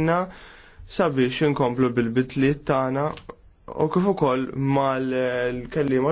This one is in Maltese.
na sabiex inkomplu bil-bitliet tagħna u kif ukoll mal-kelliem